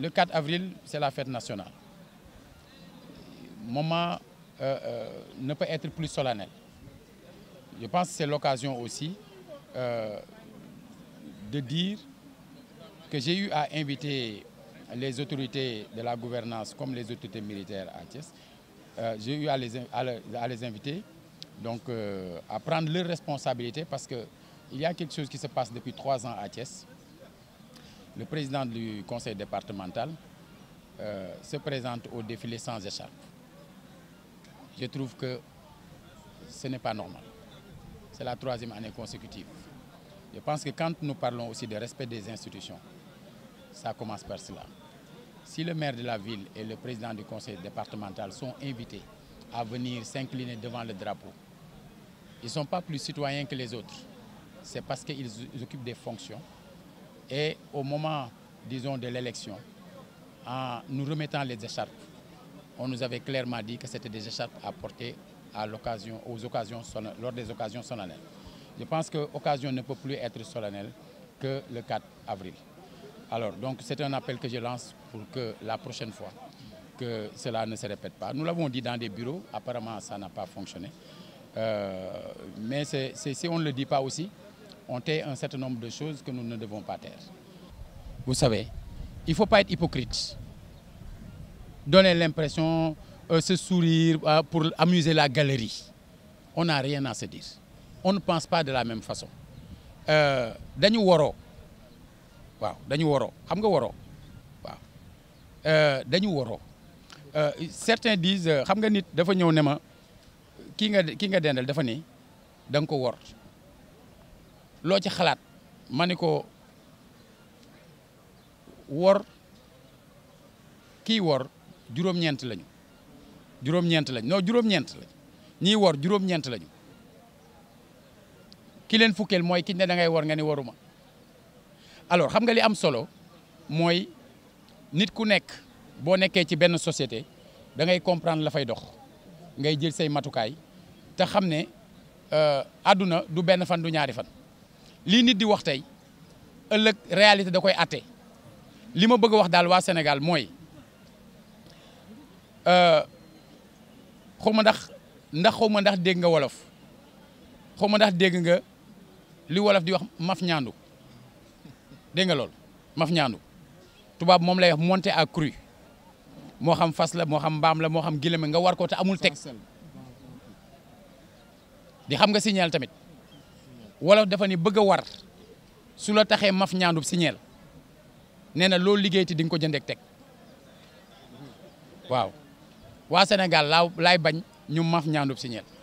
le 4 avril, c'est la fête nationale. Moment euh, euh, ne peut être plus solennel. Je pense que c'est l'occasion aussi euh, de dire que j'ai eu à inviter les autorités de la gouvernance comme les autorités militaires à Thiès. j'ai eu à les, inviter donc, à prendre leurs responsabilités parce qu'il y a quelque chose qui se passe depuis trois ans à Thiès. Le président du conseil départemental euh, se présente au défilé sans écharpe. Je trouve que ce n'est pas normal. C'est la troisième année consécutive. Je pense que quand nous parlons aussi de respect des institutions, ça commence par cela. Si le maire de la ville et le président du conseil départemental sont invités à venir s'incliner devant le drapeau, ils ne sont pas plus citoyens que les autres. C'est parce qu'ils occupent des fonctions et au moment, disons, de l'élection, en nous remettant les écharpes, on nous avait clairement dit que c'était des écharpes à porter à l'occasion, aux occasions, lors des occasions solennelles. Je pense que l'occasion ne peut plus être solennelle que le 4 avril. Alors, donc, c'est un appel que je lance pour que la prochaine fois, que cela ne se répète pas. Nous l'avons dit dans des bureaux, apparemment ça n'a pas fonctionné. Euh, mais si on ne le dit pas aussi, on tait un certain nombre de choses que nous ne devons pas taire. Vous savez, il ne faut pas être hypocrite. Donner l'impression, euh, se sourire euh, pour amuser la galerie. On n'a rien à se dire. On ne pense pas de la même façon. Euh, Woro. waroo waaw dañu Woro. xam nga euh, certains disent xam nga nit dafa ne ki nga loo ci xalaat ma ni ko wor kii wor juróom-ñeent lañu juróom-ñeent lañ non juróom-ñeent ñiy wor juróom lañu ki leen fukkeel mooy ki ne da ngay wor nga ni waruma alors xam nga li am solo mooy nit ku nekk boo nekkee ci benn société da ngay comprendre la fay dox ngay jël say matukaay te xam ne euh, àdduna du benn fan du ñaari fan. lii nit di wax tey ëllëg réalité da koy atte li ma bëgg a wax daal waa Sénégal mooy euh, xaw ma ndax ndax xaw ma ndax dégg nga wolof xaw ma ndax dégg nga li wolof di wax maf ñaandu dégg nga loolu maf ñaandu tubaab moom lay wax monter à cru moo xam fas la moo xam mbaam la moo xam gileme nga war ko te amul teg di xam nga signal tamit wolof dafa ni bëgg a war su la taxee maf ñaandu signeel nee na loolu liggéey ti di ko jëndee teg waaw waa Sénégal laa laay bañ ñu maf ñaandu signeel